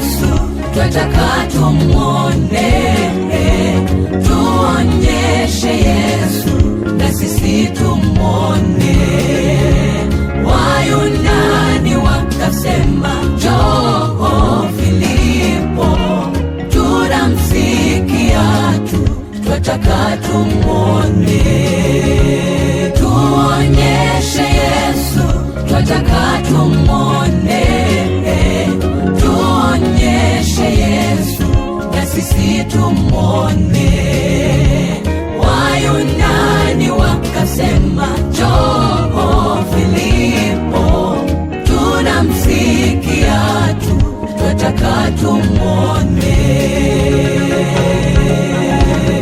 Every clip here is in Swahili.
Yesu twataka tumwone, tuonyeshe Yesu. sisi tumwone. Wayunani wakasema njoo Filipo, tunamsikia tu, twataka tumwone.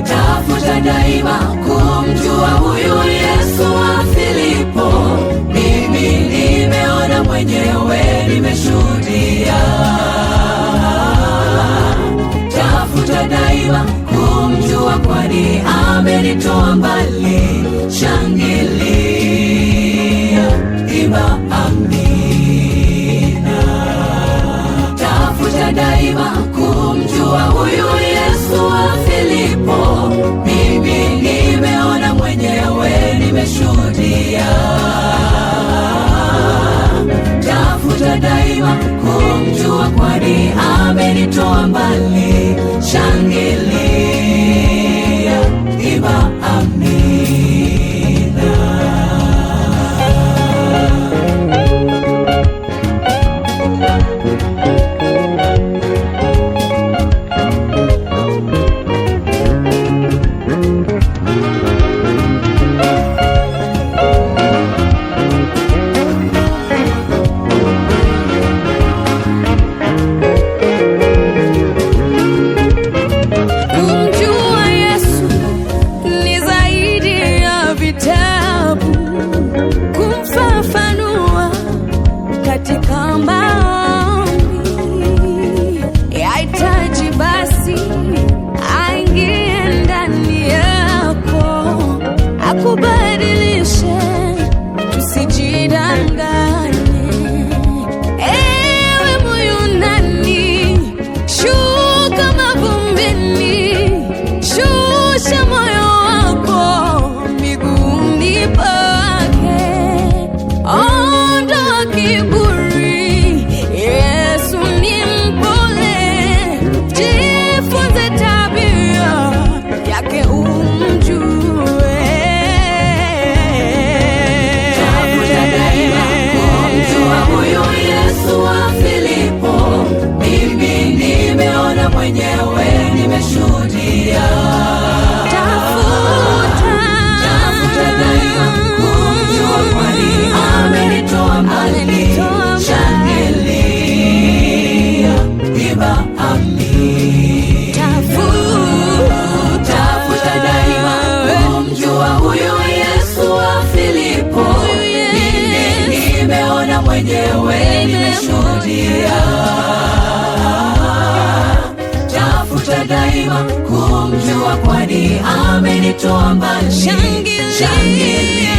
Tafuta daima kumjua huyu Yesu wa Filipo, mimi nimeona mwenyewe, nimeshuhudia kumjua, kumjua, kwani amenitoa mbali. Shangilia, imba amina, tafuta daima kumjua huyu Yesu wa Filipo. Mimi nimeona mwenyewe, nimeshuhudia, tafuta daima kumjua, kwani amenitoa mbali daima ami. Tafuta daima kumjua huyu Yesu wa Filipo. Nimeona mwenyewe, nimeshuhudia. Tafuta daima kumjua, kwani amenitoa mbali. Shangilia